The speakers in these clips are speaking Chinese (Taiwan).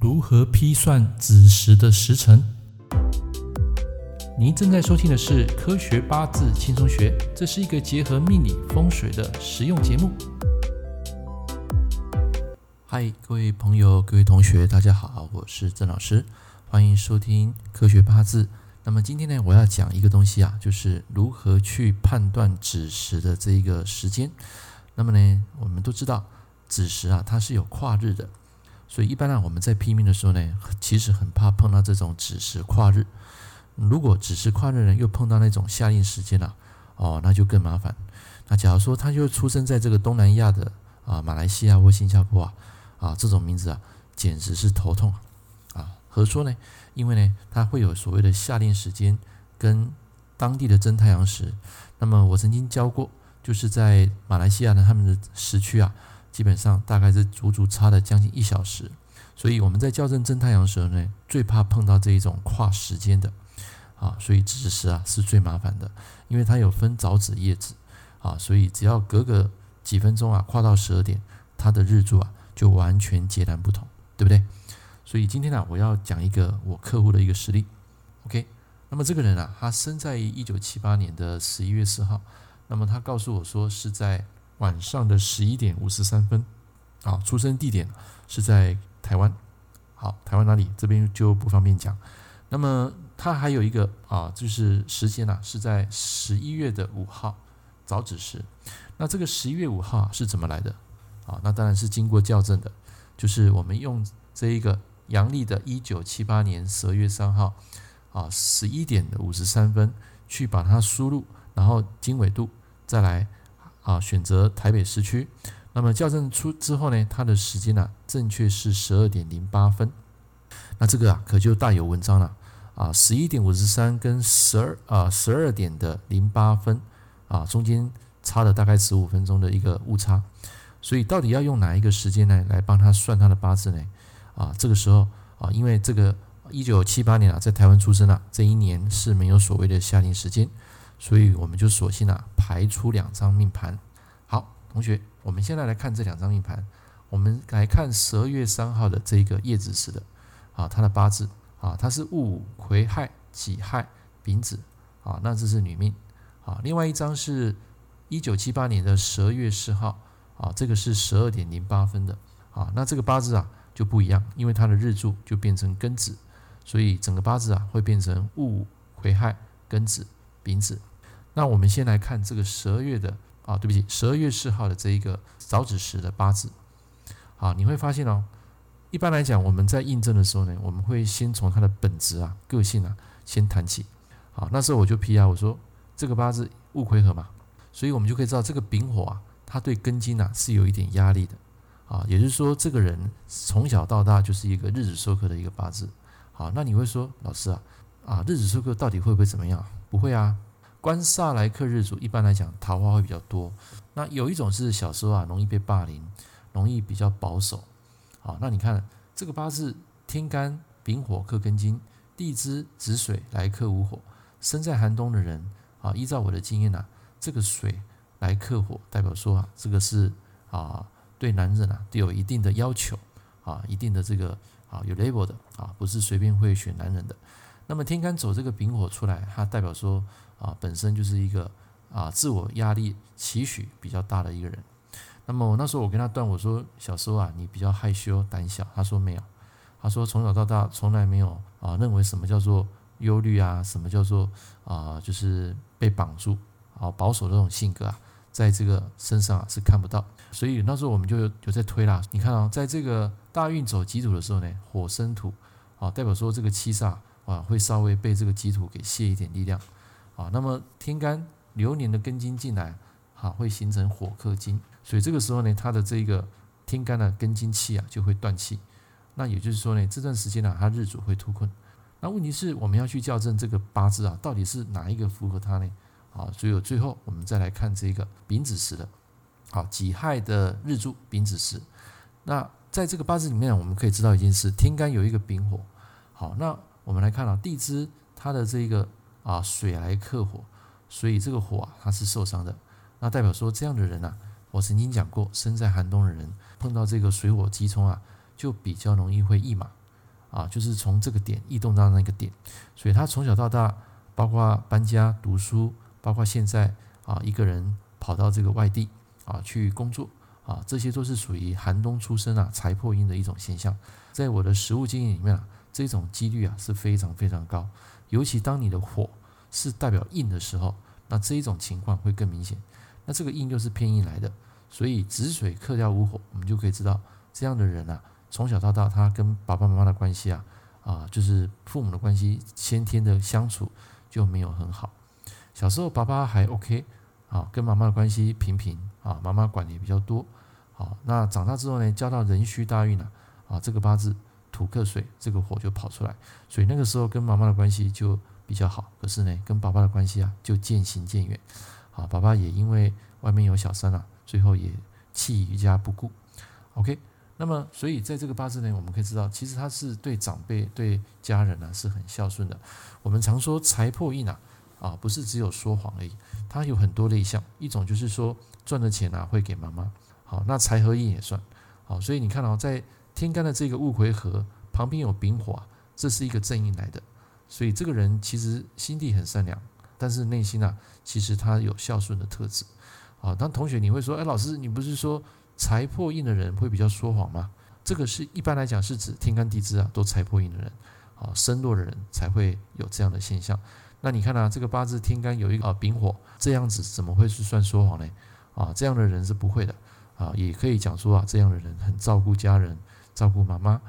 如何批算子時的時辰？您正在收聽的是《科學八字輕鬆學》，這是一個結合命理風水的實用節目。嗨，各位朋友，各位同學，大家好，我是鄭老師，歡迎收聽《科學八字》。那麼今天呢，我要講一個東西啊，就是如何去判斷子時的這一個時間。那麼呢，我們都知道子時啊，它是有跨日的。所以一般呢，我們在批命的時候呢，其實很怕碰到這種子時跨日。如果子時跨日呢，人又碰到那種夏令時間了、啊，哦，那就更麻煩。那假如說他又出生在這個東南亞的啊，馬來西亞或新加坡啊，啊，這種名字啊，簡直是頭痛啊！啊，何說呢？因為呢，他會有所謂的夏令時間跟當地的真太陽時。那麼我曾經教過，就是在馬來西亞呢，他們的時區啊。基本上大概是足足差了將近一小時，所以我們在校正真太陽的時候呢，最怕碰到這一種跨時間的，啊，所以子時啊是最麻煩的，因為它有分早子、夜子，啊，所以只要隔個幾分鐘啊，跨到十二點，它的日柱啊就完全截然不同，對不對？所以今天呢、啊，我要講一個我客戶的一個實例，OK？那麼這個人啊，他生在一九七八年的十一月四號，那麼他告訴我說是在。晚上的十一點五十三分，啊，出生地點是在台灣，好，台灣哪裡？這邊就不方便講。那麼它還有一個啊，就是時間呢、啊、是在十一月的五號早子時。那這個十一月五號是怎麼來的？啊，那當然是經過校正的，就是我們用這一個陽曆的一九七八年十二月三號啊十一點的五十三分去把它輸入，然後經緯度再來。啊，選擇台北市區，那麼校正出之後呢，它的時間呢，啊，正確是十二點零八分。那這個啊，可就大有文章了啊，十一點五十三跟十二啊十二點的零八分啊，中間差了大概十五分鐘的一個誤差。所以到底要用哪一個時間呢，來幫他算他的八字呢？啊，這個時候啊，因為這個一九七八年啊，在台灣出生啊，這一年是沒有所謂的夏令時間。所以我們就索性啊，排出兩張命盤。好，同學，我們現在來看這兩張命盤。我們來看十二月三號的這個夜子時的啊，它的八字啊，它是戊午癸亥己亥丙子啊，那這是女命啊。另外一張是一九七八年的十二月四號啊，這個是十二點零八分的啊。那這個八字啊就不一樣，因為它的日柱就變成庚子，所以整個八字啊會變成戊午癸亥庚子丙子。那我們先來看這個十二月的啊，對不起，十二月四號的這一個早子時的八字。好，你會發現哦，一般來講，我們在印證的時候呢，我們會先從他的本質啊、個性啊先談起。好，那時候我就批啊，我說這個八字戊癸合嘛，所以我們就可以知道這個丙火啊，他對庚金呢、啊，是有一點壓力的，啊，也就是說，這個人從小到大就是一個日子受克的一個八字。好，那你會說老師啊，啊，日子受克到底會不會怎麼樣？不會啊。官殺來克日主，一般來講桃花會比較多。那有一種是小時候啊容易被霸凌，容易比較保守。好，那你看這個八字，天干丙火克庚金，地支子水來克午火。生在寒冬的人啊，依照我的經驗啊，這個水來克火，代表說啊，這個是啊，對男人啊，都有一定的要求啊，一定的這個啊，有 label 的啊，不是隨便會選男人的。那麼天干走這個丙火出來，它代表說啊、呃，本身就是一個啊、呃、自我壓力期許比較大的一個人。那麼我那時候我跟他斷我說，小時候啊你比較害羞膽小，他說沒有，他說從小到大從來沒有啊、呃、認為什麼叫做憂慮啊，什麼叫做啊、呃、就是被綁住啊、呃、保守這種性格啊，在這個身上啊是看不到。所以那時候我們就有在推啦，你看啊、哦，在這個大運走己土的時候呢，火生土啊、呃，代表說這個七煞、啊。啊，會稍微被這個己土給洩一點力量，啊，那麼天干流年的庚金進來，好，會形成火克金，所以這個時候呢，它的這個天干的庚金氣啊就會斷氣，那也就是說呢，這段時間呢，它日主會突困，那問題是我們要去校正這個八字啊，到底是哪一個符合它呢？啊，所以最後我們再來看這個丙子時的，好，己亥的日柱丙子時，那在這個八字裡面，我們可以知道一件事，天干有一個丙火，好，那。我們來看啊，地支，它的這個啊水來克火，所以這個火啊它是受傷的。那代表說這樣的人啊，我曾經講過，身在寒冬的人碰到這個水火急沖，啊，就比較容易會驛馬啊，就是從這個點移動到那個點。所以他從小到大，包括搬家、讀書，包括現在啊一個人跑到這個外地啊去工作啊，這些都是屬於寒冬出生啊財破印的一種現象。在我的實務經驗裡面啊。這種幾率啊是非常非常高，尤其當你的火是代表印的時候，那這一種情況會更明顯。那這個印又是偏印來的，所以子水克掉無火，我們就可以知道這樣的人啊，從小到大他跟爸爸媽媽的關係啊啊，就是父母的關係，先天的相處就沒有很好。小時候爸爸還 OK 啊，跟媽媽的關係平平啊，媽媽管的也比較多。好、啊，那長大之後呢，交到壬戌大運了啊，啊，這個八字。土克水，這個火就跑出來，所以那個時候跟媽媽的關係就比較好。可是呢，跟爸爸的關係啊就漸行漸遠。好，爸爸也因為外面有小三了、啊，最後也棄家不顧。OK，那麼所以在這個八字內，我們可以知道，其實他是對長輩、對家人呢、啊、是很孝順的。我們常說財破印啊，啊不是只有說謊而已，他有很多的意象。一種就是說賺的錢啊會給媽媽。好，那財合印也算。好，所以你看啊、哦，在天干的這個戊癸合旁邊有丙火，這是一個正印來的，所以這個人其實心地很善良，但是內心啊，其實他有孝順的特質。啊，當同學你會說，哎，老師，你不是說財破印的人會比較說謊嗎？這個是一般來講是指天干地支啊都財破印的人，啊，身弱的人才會有這樣的現象。那你看啊，這個八字天干有一個啊，丙火，這樣子怎麼會是算說謊呢？啊，這樣的人是不會的。啊，也可以講說啊，這樣的人很照顧家人。照顧媽媽，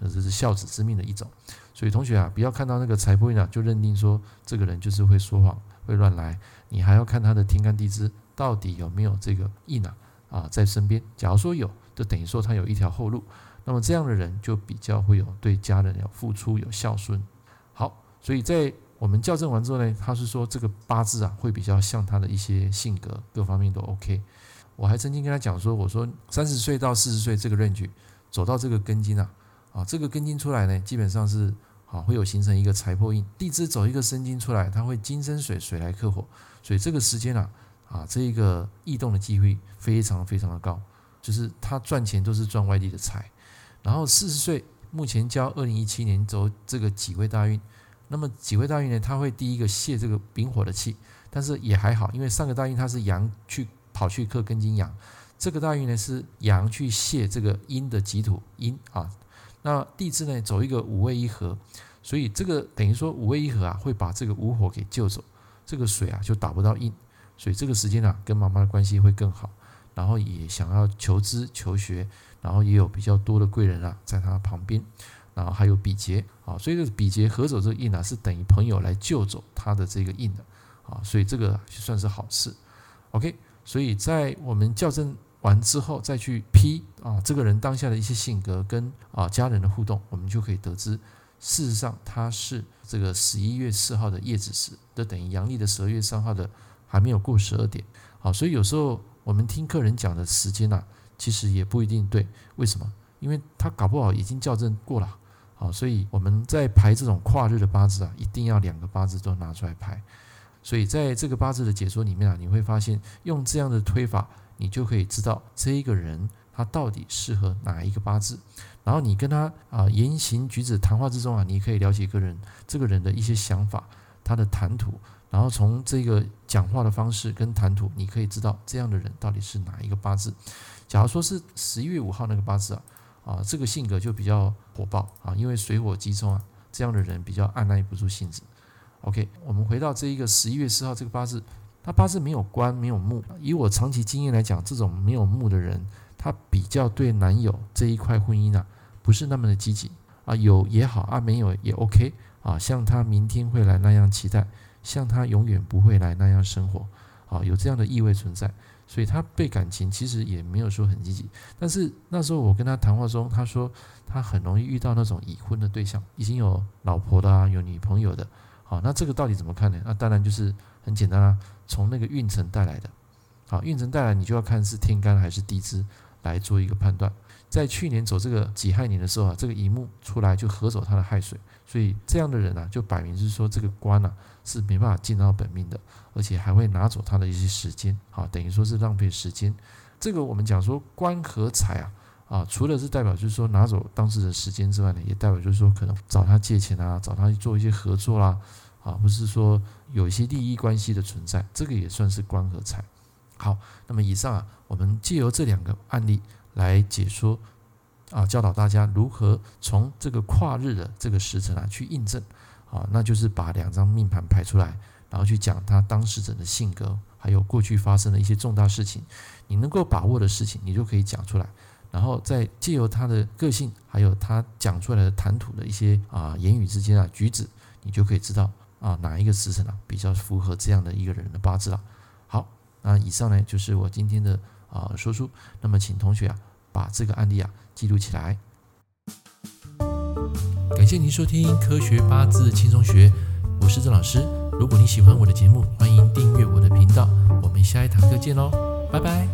這是孝子之命的一種。所以同學啊，不要看到那個財富一啊，就認定說這個人就是會說謊、會亂來。你還要看他的天干地支到底有沒有這個印啊，啊在身邊。假如說有，就等於說他有一條後路。那麼這樣的人就比較會有對家人有付出、有孝順。好，所以在我們校正完之後呢，他是說這個八字啊會比較像他的一些性格，各方面都 OK。我還曾經跟他講說，我說三十歲到四十歲這個 range。走到這個庚金啊，啊，這個庚金出來呢，基本上是啊，會有形成一個財破印，地支走一個申金出來，它會金生水，水來克火，所以這個時間啊，啊，這一個異動的機會非常非常的高，就是他賺錢都是賺外地的財。然後四十歲目前交二零一七年走這個己未大運，那麼己未大運呢，他會第一個泄這個丙火的氣，但是也還好，因為上個大運他是陽去跑去克庚金陽。這個大運呢，是陽去泄這個陰的己土印啊，那地支呢，走一個午未一合，所以這個等於說午未一合啊，會把這個午火給救走，這個水啊就打不到印，所以這個時間啊，跟媽媽的關係會更好，然後也想要求知求學，然後也有比較多的貴人啊在他旁邊，然後還有比劫啊，所以這個比劫合走這個印呢、啊，是等於朋友來救走他的這個印的啊，所以這個就算是好事。OK，所以在我們校正。完之後再去批啊，這個人當下的一些性格跟啊家人的互動，我們就可以得知，事實上他是這個十一月四號的夜子時，就等於陽曆的十二月三號的還沒有過十二點，好，所以有時候我們聽客人講的時間吶啊，其實也不一定對，為什麼？因為他搞不好已經校正過了，好，所以我們在排這種跨日的八字啊，一定要兩個八字都拿出來排。所以在這個八字的解說裡面啊，你會發現用這樣的推法，你就可以知道這一個人他到底適合哪一個八字。然後你跟他啊、呃、言行舉止、談話之中啊，你可以了解個人這個人的一些想法、他的談吐。然後從這個講話的方式跟談吐，你可以知道這樣的人到底是哪一個八字。假如說是十一月五號那個八字啊，啊、呃、這個性格就比較火爆啊，因為水火激沖啊，這樣的人比較按捺不住性子。OK，我們回到這一個十一月四號這個八字，他八字沒有官，沒有木。以我長期經驗來講，這種沒有木的人，他比較對男友這一塊婚姻呢，啊，不是那麼的積極啊。有也好啊，沒有也 OK 啊。像他明天會來那樣期待，像他永遠不會來那樣生活啊，有這樣的意味存在，所以他對感情其實也沒有說很積極。但是那時候我跟他談話中，他說他很容易遇到那種已婚的對象，已經有老婆的啊，有女朋友的。好，那這個到底怎麼看呢？那當然就是很簡單啦，啊，從那個運程帶來的。好，運程帶來，你就要看是天干還是地支來做一個判斷。在去年走這個己亥年的時候啊，這個乙木出來就合走它的亥水，所以這樣的人啊，就擺明是說這個官啊，是沒辦法進到本命的，而且還會拿走他的一些時間，好，等於說是浪費時間。這個我們講說官合財啊。啊，除了是代表就是說拿走當事人的時間之外呢，也代表就是說可能找他借錢啊，找他去做一些合作啦，啊，啊，不是說有一些利益關係的存在，這個也算是官和財。好，那麼以上啊，我們借由這兩個案例來解說啊，教導大家如何從這個跨日的這個時辰啊去印證啊，那就是把兩張命盤排出來，然後去講他當事人的性格，還有過去發生的一些重大事情，你能夠把握的事情，你就可以講出來。然後再借由他的個性，還有他講出來的談吐的一些啊、呃、言語之間啊舉止，你就可以知道啊、呃、哪一個時辰啊比較符合這樣的一個人的八字了、啊。好，那以上呢就是我今天的啊、呃、說書。那麼請同學啊把這個案例啊記錄起來。感謝您收聽《科學八字輕鬆學》，我是鄭老師。如果你喜歡我的節目，歡迎訂閱我的頻道。我們下一堂課見嘍，拜拜。